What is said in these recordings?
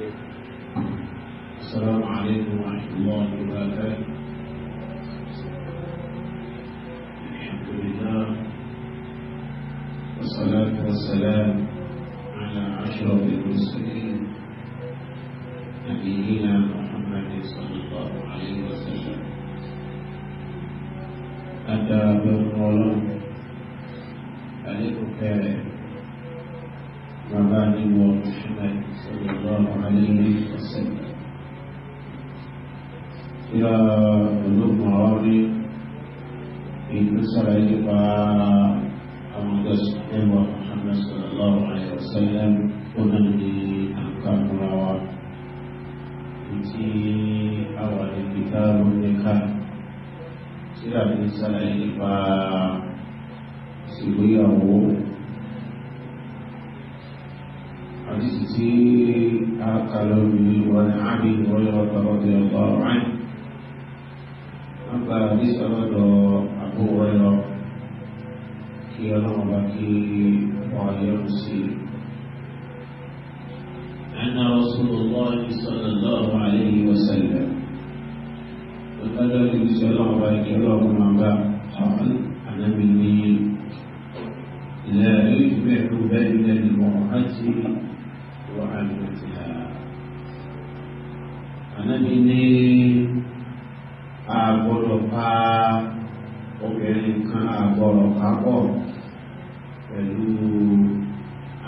السلام عليكم ورحمة الله وبركاته الحمد لله والصلاة والسلام على أشرف المرسلين نبينا محمد صلى الله عليه وسلم أتى بالقرآن عليكم كريم وبعد محمد صلى الله عليه وسلم يا قلوب مراضي إن صليت أبو تسلم محمد صلى الله عليه وسلم ومن بأحكام الرواب في أول كتاب النكاح سيرة صليت أبو ìgbéyàwó قالوا لي وانا عبي ويرد رضي الله عنه أما بسبب أبو ويرد كي يرغب كي ويرسي أن رسول الله صلى الله عليه وسلم وقدر يسأل الله كرام من قال أنا مني لا يجمع بين المرأة ní àgbọ̀dọ̀ pa obìnrin kan àgbọ̀dọ̀ pápọ̀ pẹ̀lú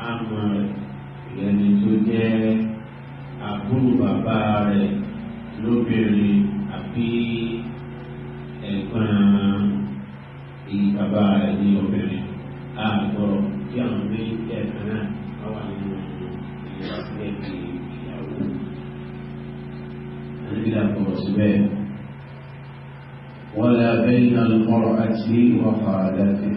àmọ̀ rẹ̀ ìyẹn ni tó jẹ́ àbúrò bàbá rẹ̀. الزوجين ولا بين المرأة وخالتها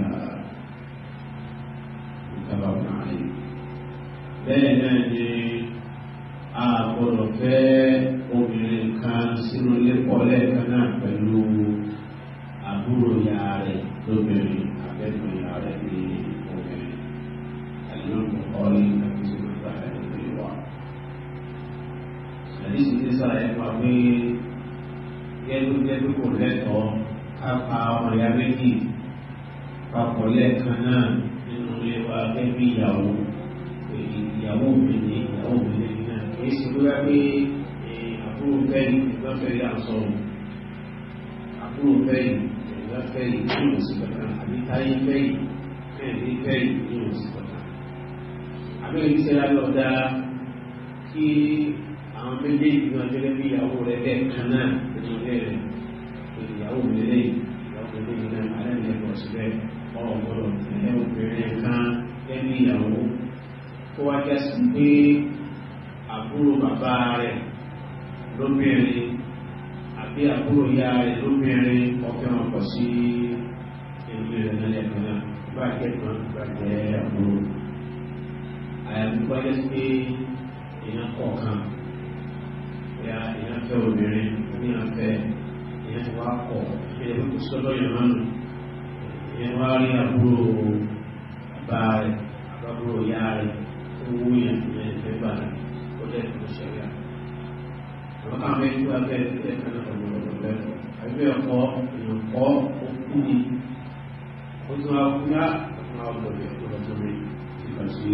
jẹ́ pé kò lẹ́tọ̀ọ́ ká pa ọmọ ìyá méjì papọ̀ lẹ́ẹ̀kan náà nínú ilé wa gẹ́gẹ́ bí ìyàwó ìyàwó mi ní ìyàwó mi lè nà kìí ṣe ló wá pé àbúrò bẹ́ẹ̀ni ìgbà fẹ́ẹ́ yà méjèèjì náà gẹ́gẹ́ bí ìyàwó rẹ̀ bẹ́ẹ̀ kan náà ètò ilé rẹ̀ ìyàwó mi lè ìyàwó mi lè náà alẹ́ ẹ̀kọ́ kan lẹ́nu ìyàwó kó wá jẹ́ sí pé àbúrò bàbá rẹ̀ lóbìnrin àbí àbúrò ìyá rẹ̀ lóbìnrin ọ̀kẹ́ wọn pọ̀ sí ìlú rẹ̀ náà lẹ́ẹ̀kan náà bá ìyá ìyá fẹ́ obìnrin ní àfẹ́ ìyá ti wá pọ̀ ìyá tó sọ́dọ̀ yẹn lọ́nà ìyá wá rí àbúrò bá rẹ̀ àbúrò ìyá rẹ̀ owó yẹn ìyá ìfẹ́ bá rẹ̀ ó jẹ́ ìfẹ́ sẹ́yà. àwọn kan fẹ́ gbé abẹ́ ìfẹ́ kan náà lọ́wọ́ lọ́wọ́ àbí ẹ̀kọ́ ìrùkọ́ òkú ni ó tún wá kú yá máa ń lọ́dẹ̀ ọlọ́tọ́rẹ́ nípa sí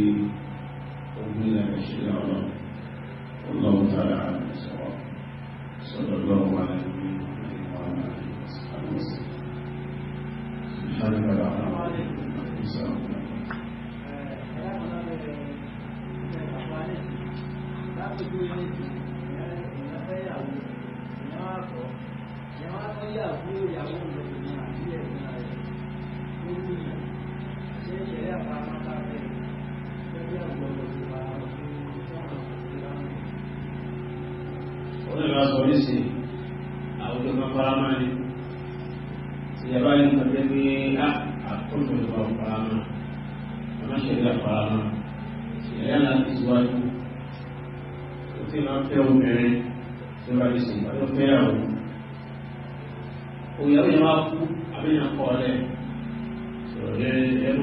ogun ilẹ̀ ẹ̀ṣẹ̀ ọlọ́run ọlọ́run tààrà صلى الله على نبينا وعلى اله وصحبه وسلم سبحانك لا علم لنا Thank you.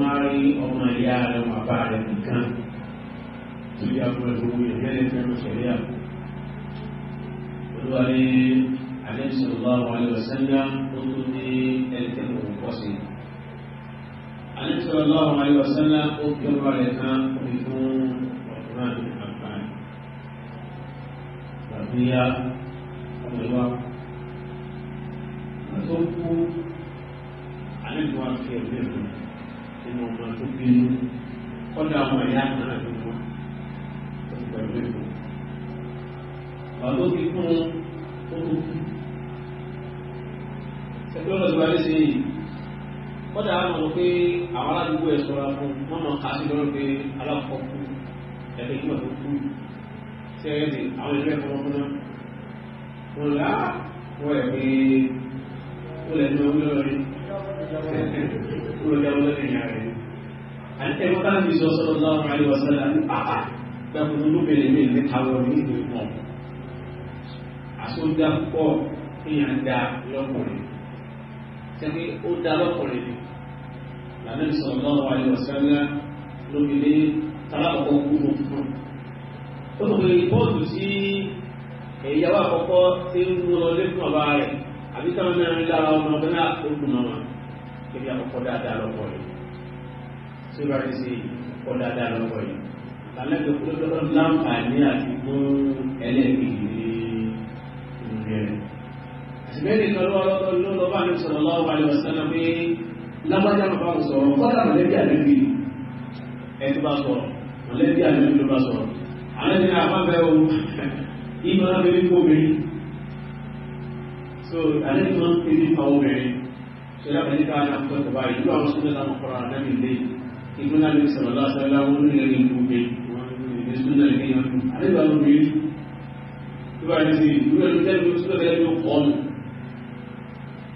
máa rí ọmọ ìyá rẹ̀ bàbá rẹ̀ nìkan tó yà fún ẹ̀rọ yẹn lẹ́yìn fẹ́ràn sẹ̀ríà. olúwa ní àdéhùnsọ̀rọ̀ àwọn àlẹ́wọ̀sẹ́ńdá ó tún ní ẹnikẹ́ni kò pọ̀ sí. àdéhùnsọ̀rọ̀ àwọn àlẹ́wọ̀sẹ́ńdá ó kí ọba rẹ̀ kan omi fún ọ̀gbọ́n àgbáyé. bàbá ìyá ọmọ ìwà wọ́n tó kú. tó fi kọ́dà àwọn ẹ̀yà àgbàrá tó fún tó fi pẹ̀lú èkó. Bàbá ó ti fún owó kú. Ṣẹ́gbẹ́ ọ̀rọ̀ ìwà lè ṣe yìí. Kọ́dà á mọ̀ pé àwọn aládùúgbò ẹ̀ sọ̀rọ̀ fún wọ́n mọ̀ ká sí lọ́rọ̀ pé alákọ̀ọ́ kú ẹ̀fẹ́ kí wọ́n tó kú. Ṣẹ́yẹ́dì àwọn ìlú ẹ̀fọ́ wọn fúnná. Wọ́n lá ah, wọ́n ẹ̀ pé ó lẹ̀ ní ọwọ́ lọ́rin. Kúrò dáwọ́ lọ́rin ìyá rẹ̀ ẹ̀rọ bá ní sọ sọ́rọ̀ láwọn àríwá sẹ́lá ní pàpà pẹ̀lú olóbìnrin mi ní àwọn onígbè pọ̀ àsọdá pọ̀ èèyàn ń da lọ́kùnrin sẹ́ni ó da lọ́kùnrin ni lànà ìsọ̀rọ̀ láwọn àríwá sẹ́lá lóbi ní talákọ̀ọ́ gbúdọ̀ fún ó tó pé bọ́ọ̀lù sí ìyàwó àkọ́kọ́ tí ń mú lọ lẹ́kùn ọba rẹ̀ àbí táwọn náà ń lára ọmọ ọdún tí ó bá ti ṣe ọ̀dàdà lọ́wọ́ yìí lálẹ́gbẹ̀ẹ́ kó lọ́dọ̀ láǹfààní àti fún ẹlẹ́gbẹ̀ẹ́ ní ìrìnrìn àtìbẹ́ẹ̀lì kan ló lọ bá ní sọ̀rọ̀ lọ́wọ́ alẹ́ ọ̀sán pé lágbájá ló bá sọ̀rọ̀ kọ́dà mọ̀lẹ́bí àlẹ́bí ẹ̀ tó bá sọ̀rọ̀ mọ̀lẹ́bí àlẹ́bí ló bá sọ̀rọ̀ àlẹ́bí náà bá o ìmọ̀ abẹ́rẹ́ so àlẹ́bí máa ń pè ní ìfà obìnrin so lábẹ́ nípa àlàkọ́ ìtọ́ba ìlú àwọn sọ́dọ̀ láwọn kọ́ra àlẹ́bí lẹ́yìn ìlú náà ní sọ̀rọ̀ lọ́sọ̀rọ̀ wọn ní ẹni gbogbo ní súnà ní ìyọnu àdébà ló rí tó bá ní sí ìlú ẹni tẹ́lẹ̀ ló sọ̀rọ̀ ẹni ló kọ́ nù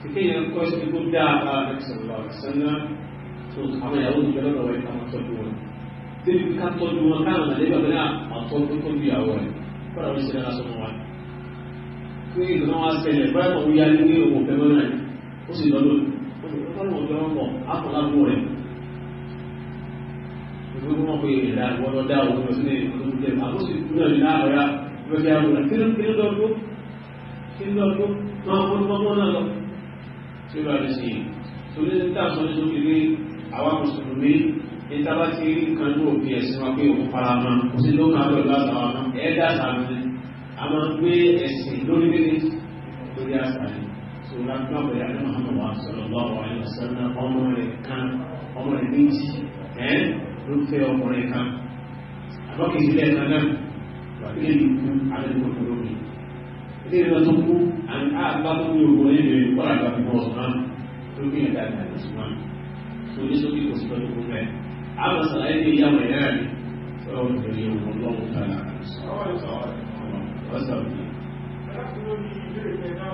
tí kéèyàn kọ́ sí gbogbo dáa bá ní sọ̀rọ̀ lọ́sọ̀rọ̀ tó àwọn ìyàwó ní ìjọba lọ́wọ́ ìta wọn tọ́jú wọn débi ká tọ́jú wọn káwọn àdébà bí náà wọn tọ́jú tó bí ìyàwó rẹ̀ fọ́nà wọn sì dára sọ́mọ wa kí ìlú náà wá ṣẹlẹ̀ bá ẹ̀kọ́ wíyá ní òun fẹ́ mọ́ náà ó sì lọ́dún ó sì lọ́dún ọ̀gbẹ́ wọn pọ̀ á kọ́ lábú rẹ̀ ìgbógun wọn pé ìdá ìwọ́dọ̀ dá òun lọ sílẹ̀ ìgbógun jẹ́ àkóso ìkúnlẹ̀ ní àárá lọ́jọ́ àwọn akérèdọ́gbó kíndọ́gbó máa ń wọ́n mọ́ náà lọ tí ó bá lè ṣe torí ní tàbí sọ́jú tó kéré àwọn mùsùlùmí ní tábà ti rí nǹkan ní òfin ẹ̀sìn wa pé òun fara mọ́ kò sí ló máa lọ́ọ́ láti àwọn ọmọ ẹ̀ẹ́dá sàmì ni a máa ń gbé ẹ̀sìn lórí nílé lórí àṣàlẹ̀ tó lápá bẹ̀rẹ̀ àdé Muhammad wa sọ̀rọ̀ lọ́wọ́ àyọ̀sán náà ọmọ rẹ̀ kan ọmọ rẹ̀ méjì ẹ́ ló fẹ́ ọkùnrin kan àbọ̀kìsílẹ̀ kan náà wà ní ìlú àdúgbò olómi ilé ìlú tó kú àgbàgbọ́ ní ogun nínú ìwọ́n àgbàgbọ́ ọ̀sán ló gbé ẹ̀dá ìdá ìsúná tó ní sókè kò sí pẹ̀lú gbogbo ẹ̀ àwọn sàlàyé ní ìyá wọn náà ni sọ̀rọ̀ ìbẹ̀rẹ̀ òun lọ́wọ́ tààlà ọ̀sán òkè. Àwọn ilé ìfẹ́ náà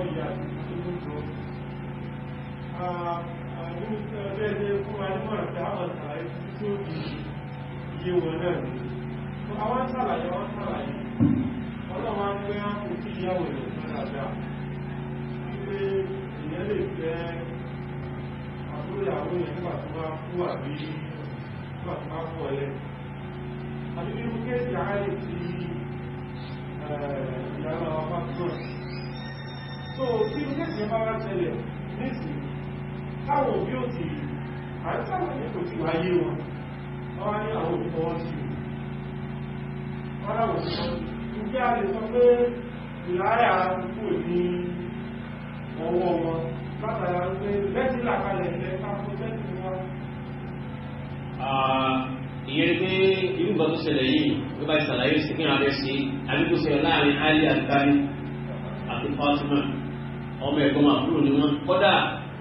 yà tí di iye wọn náà ni àwọn sàlàyé wọn sàlàyé ọlọ́wọ́ á pé á tí ìyàwó rẹ̀ fẹ́ wípé ìyẹn lè fẹ́ àbúròyàwó yẹn nígbà tó bá kú àbí nígbà tó bá kú ọlẹ́ àbí bí tó so àìsàwọn yìí kò tí wà yé wọn wọ́n ní àwọn olùkọ́ ti wọ́n láwọn sọ ìgbé a lè sọ pé ìlàáyà kò ní ọwọ́ wọn látara pé bẹ́ẹ̀ni làkalẹ̀ ilẹ̀ káfọ́ tẹ́sí wa. ìyẹn pé irú nǹkan tó ṣẹlẹ̀ yìí ló bá ìṣàlàyé sí kí ara ṣe àdínkùsọ láàrin ali àgbáyé ni wọ́n kọ́dà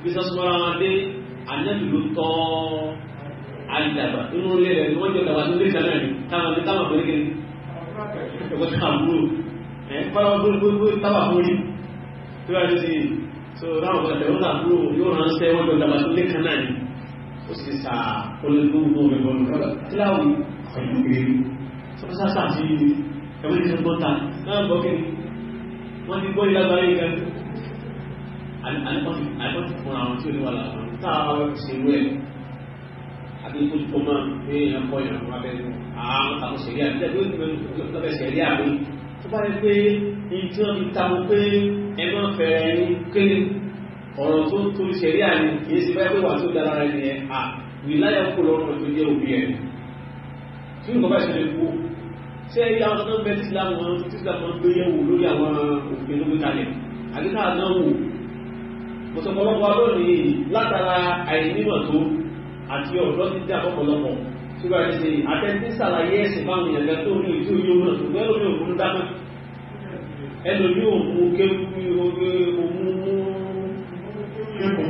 bí sọ́sọ́ mọ́ra wọn dé anabi ló tọ́ alidaba inú ilé rẹ̀ ni wọ́n jẹ́ daba tó lé kan náà ni táwọn ní táwọn fún kékeré ẹ̀kọ́ tí a búrò ẹ̀ fọlá wọn bó bó tábà fún yìí tí wọ́n ti so ráwọn kan tẹ̀wọ́n náà búrò yóò rán sẹ́ wọ́n jẹ́ daba tó lé kan náà ni ó sì sà olùdókòwò rẹ̀ bọ̀ nípa kíláwì pẹ̀lú ìrírí sọ́kọ́sá sàtì ẹ̀wọ́n ti ń bọ́ta náà bọ́ kí wọ́n ti gbọ́ ìlágbára yìí kan àìkọ́tì fún àwọn tí ó ní wà láàrín táà a ti ṣe wẹ̀ àti ikú tó máa ní ẹ̀kọ́ ìrànwọ́ abẹ́nu àwọn tàbí ṣẹ̀rí àti ẹgbẹ́ ìgbẹ́ ṣẹ̀rí àmì tó bá rẹ pé ní tí wọ́n ti tako pé ẹgbẹ́ fẹ̀rẹ̀ ní kéde ọ̀rọ̀ tó tó ṣẹ̀rí àmì kìí ṣe báyìí pé wà tó dára rẹ nìyẹn à wìláyà kó lọ́rùn tó jẹ́ òbí ẹ̀ tí nǹkan bá ṣẹlẹ̀ kú ṣé àwọn tó ń bẹ tí Islam wọn tí Islam wọn gbé yẹ̀wò lórí àwọn òfin lókè kalẹ̀ àdúgbò àdánwò mùsùlùmọ́lọ́pọ̀ lónìí látara àìnímọ̀ tó àti ọ̀dọ́ ti dé àpọ̀pọ̀lọpọ̀ ṣùgbọ́n àti ṣe àtẹ́tí sàlàyé ẹ̀sìn fáwọn èèyàn kan tó ní ojú oyè òun náà ṣùgbọ́n ẹlòmí òun dáná ẹlòmí òun kéwú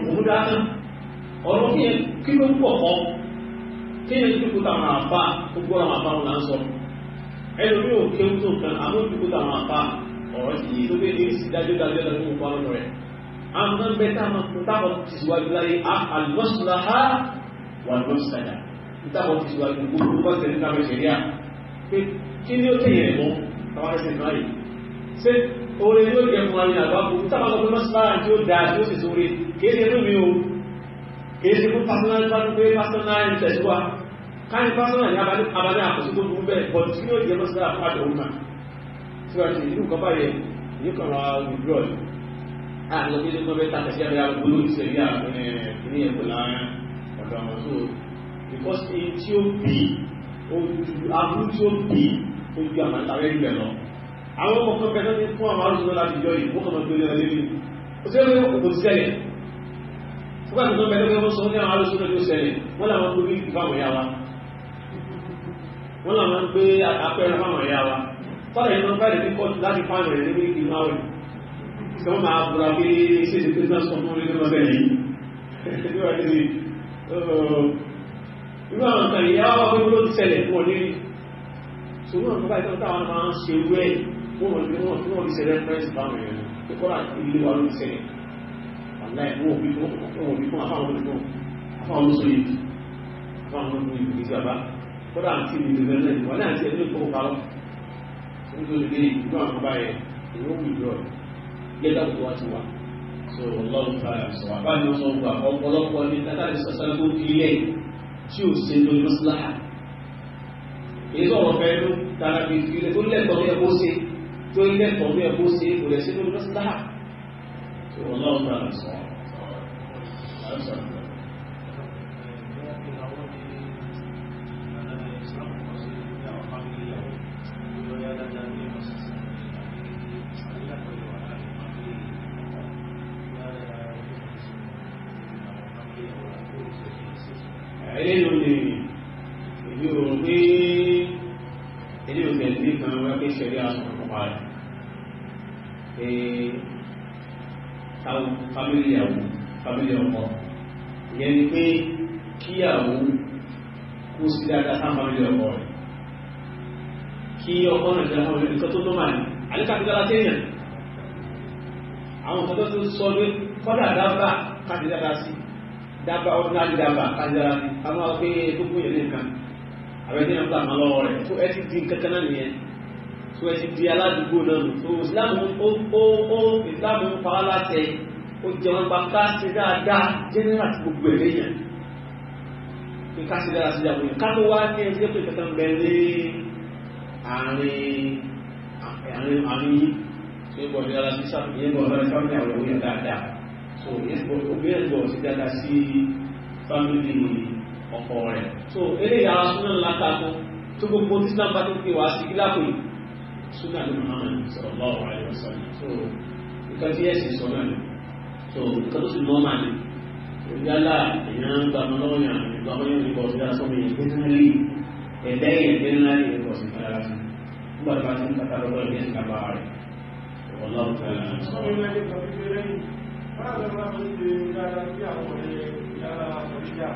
òun dáná ọ̀rọ̀ kí kí ló ń pọ̀ kọ́ kí ni dúkú táwọn àbá gbogbo àwọn àbá wọn là ń sọ ẹlòmí òun kéwú tó kan àmójúkú táwọn àbá ọ̀rọ̀ sì yí tó bẹ́ẹ̀ ní ìsìdájọ́ dájọ́ dájọ́ àwọn kan bẹ táwọn táwọn ti síwájú láyé àlùmọ́sùláhà wà lọ́sàdà táwọn ti síwájú gbogbo bá tẹ̀lé táwọn ìṣẹ̀lẹ̀ à pé kí ni ó tẹ̀yẹ̀ rẹ̀ mọ́ táwọn ẹ̀sẹ̀ náà yìí ṣé oore ni ó jẹ fún wa ní àgbáko táwọn ọmọ mọ́sùláhà tí ó dáa tí ó sì sóore kì í ṣe lómi o kì í ṣe fún pásánà nípa pé pásánà ń tẹ̀síwá káyìn pásánà ní abalẹ̀ àkóso tó burú bẹ́ẹ̀ bọ̀ kí àlọ́ bí lẹ́kọ́ bẹ́ẹ̀ tàbí ẹ̀rí àgbòrò ìṣẹ̀rí àgbẹ̀rẹ̀ ẹ̀kọ́ láàárín ọ̀dọ̀ àwọn tó because in tí ó bí aburú tí ó bí ó ju àwọn àtàrẹ́ ìgbẹ̀ lọ àwọn ọmọ kan bẹ̀rẹ̀ ní fún àwọn arúgbó láti jọ yìí wọ́n kàn máa gbé lẹ́rẹ̀ lórí ó sì rẹ̀ kò sẹ́lẹ̀ fúgbà tó tán bẹ̀rẹ̀ wọ́n sọ ní àwọn arúgbó tó sẹ́lẹ̀ wọ́n làwọn tó rí ìfáwọn yá wa wọ́n làwọn gbé apẹ́rẹ́ fáwọn yá wa fọ́nà ìmọ̀ bá sọ ma bùra pé ṣe ti tẹ́sán sọ fún nínú ọ̀sẹ̀ yìí ẹgbẹ́ wa ti irú àwọn nǹkan yìí yáwó pé ló ti ṣẹlẹ̀ fún ọ ní ṣùgbọ́n àwọn bàbá ìtàn táwọn máa ń ṣe irú ẹ̀ wọ́n mọ̀ ní wọ́n tí wọ́n ti ṣe rẹ́fẹ́rẹ́sì báwọn èèyàn ní kọ́lá ilé wa ló ti ṣẹlẹ̀ àmì ẹ̀wọ̀n òbí fún afáwọn olùkọ́ afáwọn olóṣèlú fáwọn olóṣèlú ìjọba kọ́lá àti ìlú ìrẹ́lẹ̀ wọ́n ní àti ẹ̀dínlẹ̀ kọ́kọ́ parọ́ nítorí ìgbà àkọ́bá yẹn ìwọ́n wù ìjọ rẹ̀ gẹ́gẹ́ bí wọ́n ti wà so ọlọ́run ta sọ àbá ni ó sọ gbà ọ̀pọ̀lọpọ̀ ní tátàlì sọ́sán tó fi ilé tí ò ṣe lórí mọ́síláhà èyí sọ̀rọ̀ fẹ́ ló tara fi fi ilé tó lẹ́tọ̀ọ́ bí ẹ kó ṣe tó so eléyìí lè èyí ò pé eléyìí ò tẹ̀lé kan wá pé ṣẹlẹ̀ àwọn ọ̀pá rẹ̀ táwọn fámílì àwọn fámílì ọkọ ìyẹn ni pé kíyàwó kó sí dáadáa sáà fámílì ọkọ rẹ̀ kí ọkọ náà dáadáa fámílì nǹkan tó tó máa ní àdékàtúndàlá téèyàn àwọn nǹkan tó tó sọ ní kọ́dà dábàá káàdì dáadáa sí dábàá ọdún náà dábàá káàdì dáadáa sí a máa gbé gbogbo yẹn nìkan àbẹ̀tí yẹn ń bà máa tó ẹ ti di kankan náà nìyẹn tó ẹ ti di aládùúgbò náà nù tó Islam ó ó ó Islam ń pa ó jẹun pa ká ṣe dáadáa general ti gbogbo ẹ̀ lẹ́yìn pé ká dáadáa sí ìyàwó yẹn ká wá ní ẹgbẹ́ pé kankan bẹ ní àárín àárín yìí tó ń bọ̀ ní dáadáa sí ìyẹn bọ̀ lọ́dọ̀ fáwọn ìyàwó yẹn dáadáa so ìyẹn bọ̀ obìnrin bọ̀ sí dáadáa sí fámìlì yìí ọkọ rẹ̀ so eré ìyára súná ńlá tako tó gbogbo tí náà bá ti pè wá sí kíláàpù yìí súná ní Muhammad sallallahu alaihi wasallam so nǹkan tí ẹ̀sìn sọ náà ni so nǹkan tó sì lọ́ máa ni ìyálà èèyàn ń gba ọmọ lọ́wọ́ yàn ìgbà wọn yóò nípa ọ̀sẹ̀ àsọ̀mọ yẹn gbé náà rí ẹ̀dá yẹn gbé náà rí ẹ̀kọ́ sí kára sí nígbà tí wọ́n ti ń kàtà lọ́wọ́ ẹ̀dá yẹn kábà rẹ̀ ọlọ́run tẹ̀lé. ọmọ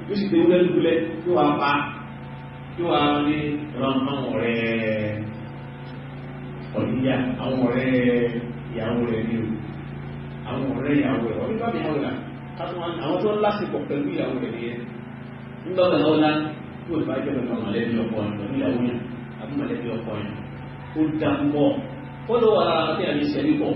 yóò sì tẹ̀wé lẹ́lúkulẹ̀ yóò wá pa yóò wá lé ránmọ́ ọ̀rẹ́ ọ̀díyà àwọn ọ̀rẹ́ ìyàwó rẹ̀ ní o àwọn ọ̀rẹ́ ìyàwó rẹ̀ ọ̀rẹ́ bábí àwọn ọ̀là àwọn tó lásìkò pẹ̀lú ìyàwó rẹ̀ nìyẹn ńlọ́gbà ọ̀la yóò bá jẹ́ pẹ̀lú mọ̀lẹ́bí ọkọ rẹ̀ pẹ̀lú ìyàwó yẹn àbí mọ̀lẹ́bí ọkọ yẹn ó dá mọ́ fọ́lọ́wọ́ ara àti àmì ìṣẹ́lẹ̀ kọ̀ọ̀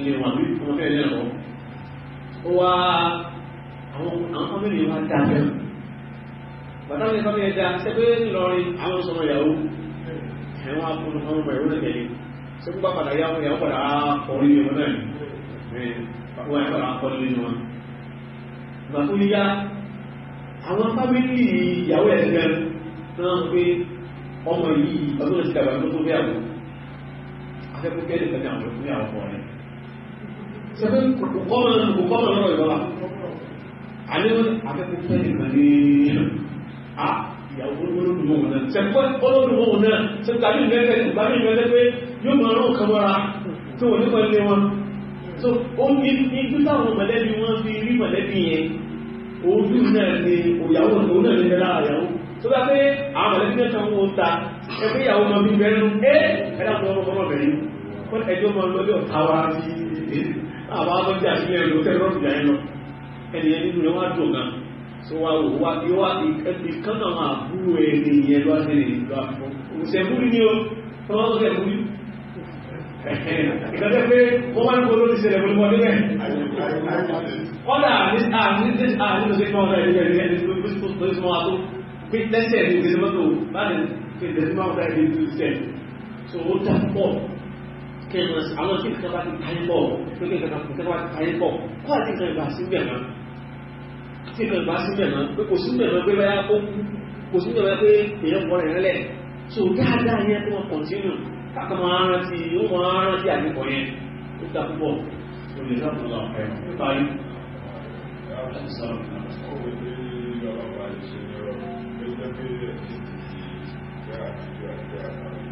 ilé wọn àbí wọn fẹ́ lẹ́rọ ó wá àwọn fámìlì wa dá bẹ́ẹ̀ bàtà mi fámìlì ẹ̀dá sẹ́gbẹ́ ńlọrin àwọn sọmọ ìyàwó ẹ̀wọ̀n akọni àwọn ọmọ ìwé lẹ́gbẹ̀ẹ́ sẹ́gbẹ́ bá padà ìyàwó padà kọrin ní wọn náà wọn yà padà kọrin ní wọn. ìgbà tó yá àwọn fámìlì ìyàwó ẹ̀gbẹ́ náà pé ọmọ yìí ọdún ìsìkàgbà sẹ́fẹ́ kòkó máa ń kòkó máa ń lọ ìwọ́la àlẹ́wọ́n afẹ́fẹ́ fẹ́ ìgbà ní à ìyàwó olóòdùmọ̀ wọn náà sẹ́fẹ́ olóòdùmọ̀ wọn náà sẹ́fẹ́ tàbí ìgbẹ́fẹ́ ìgbà ní ìgbẹ́fẹ́ pé yóò máa rán ọ̀kan mọ́ra tí wọ́n nípa ilé wọn so ó ní ibi táwọn mọ̀lẹ́bí wọn fi rí mọ̀lẹ́bí yẹn ojú náà ni òyàwó ni náà ní bẹ́ẹ̀ lára ìyàwó tó bá pé àwọn mọ̀lẹ́bí náà kan wọ́n ta ẹgbẹ́ ìyàwó ọmọ bíi bẹ́ẹ̀ nù ẹ́ ẹ̀dá tó ọmọ ọmọ bẹ̀rẹ̀ ẹjọ́ máa lọ bí ọ̀tá wa ti èdè àwọn abọ́jà sílẹ̀ ló kẹ́rọ̀ ìyá ẹ lọ ẹni ẹni nínú ẹ wá dùn gan so wa wò wá yóò wá ìkan náà máa búrò ẹni yẹn lọ sí ẹni lọ àfọ òsèmúrí ni ó tọ́wọ́ tó sẹ̀múrí ìgbàgbẹ́ pé wọ́n máa ń kó lórí ìṣẹ̀lẹ̀ pẹ̀lú ọdún rẹ̀ ọ̀dà àníṣe ṣe kọ́ ọ̀dà ìṣẹ̀lẹ̀ ìṣẹ̀lẹ̀ ìṣẹ̀lẹ̀ ìṣẹ̀lẹ̀ ìṣẹ̀lẹ̀ pé tẹ́sẹ̀ ní ìgbésẹ̀ mọ́tò láti fi ìdẹ̀síwájú ìṣẹ̀lẹ̀ so ó tà pọ̀ kéèyàn àwọn tí nǹkan bá ti káyé pọ̀ pé kí nǹkan bá ti káyé pọ̀ kó àti nǹkan ìgbà síbẹ̀ náà tí nǹkan ìgbà síbẹ̀ náà pé kò síbẹ̀ náà pé báyà ó kú kò síbẹ̀ náà pé èèyàn pọ̀ rẹ̀ rẹ̀ so dáadáa yẹn kó wọn kọ̀ntínú káàkó máa rántí ó máa rántí àdìpọ̀ yẹn ó dá púpọ̀ olè sábà lọ ẹ̀ níparí. Thank you.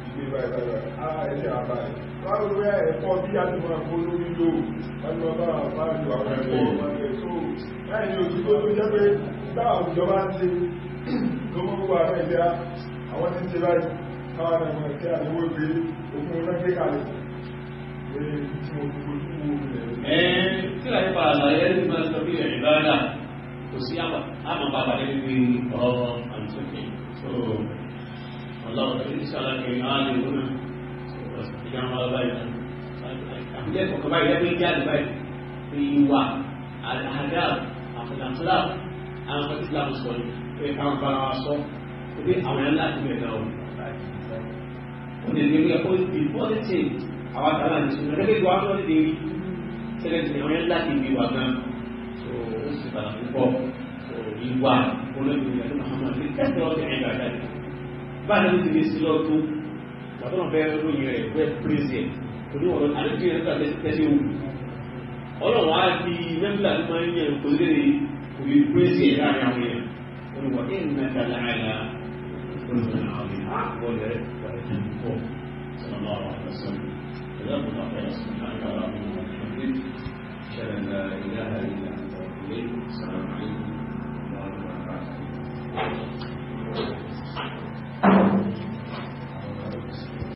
ìgbé báyìí ààrẹ àbáyìí báwo rẹ̀ ẹ̀kọ́ bí a ti máa polú nílò ọjọ́ bá àbáyìí àwọn ẹ̀kọ́ ọmọdé tó láìní òtútó tó jẹ́ pé táà òjọba ń ṣe gbogbo ààrẹ ìlera àwọn tí ń ṣe báyìí káwọn ẹ̀mọ̀ kí àdéhùn ìgbé ogun lọ́gbẹ́ kalẹ̀ tí a yípa àlàyé ní máa sọ bí ẹ̀rìn bá dà kò sí àmàpàpà nínú ọ̀rọ̀ àǹtọ́kì اللهم صل على آل هنا ìjàmbá ọba yìí àbílẹ̀ kọ̀ọ̀kan báyìí lẹ́gbẹ̀ẹ́ jẹ́ àdìbá yìí fi ìwà àdá àfẹ̀dàfẹ́lá àwọn ọmọ ìsìlá sọ ni pé káwọn bá wa sọ pé àwọn ẹ̀ńlá ti bẹ̀rẹ̀ náà o lè lè rí ẹ̀kọ́ ìdí pọ́lítì àwọn àtàlà ní sùn lẹ́gbẹ̀ẹ́ ìwà wọn lè rí sẹ́lẹ̀ tí àwọn ẹ̀ńlá ti bí wà gan so ó sì bàlá púpọ̀ ìwà olóògbé ìyàtọ̀ bá a ti lè sí lọ tó bàtọ́nà bẹ́ẹ̀ lóyìn rẹ̀ wẹ́ pírẹ́sìẹ̀ torí wọn àdúgbò yẹn nígbà tẹ́sí wù ọlọ́wọ́ á di mẹ́fìlà tó máa ń yẹn kò lè kò lè pírẹ́sìẹ̀ láàrin àwọn yẹn olùwà ẹ̀ ń mẹ́ta láàrin olùwà àwọn yẹn á wọ́n rẹ̀ wà ẹ̀ ń pọ̀ sọ̀rọ̀ lọ́wọ́ àwọn sọ̀rọ̀ إله إلا أنت إليك السلام عليكم ورحمة الله وبركاته Amen.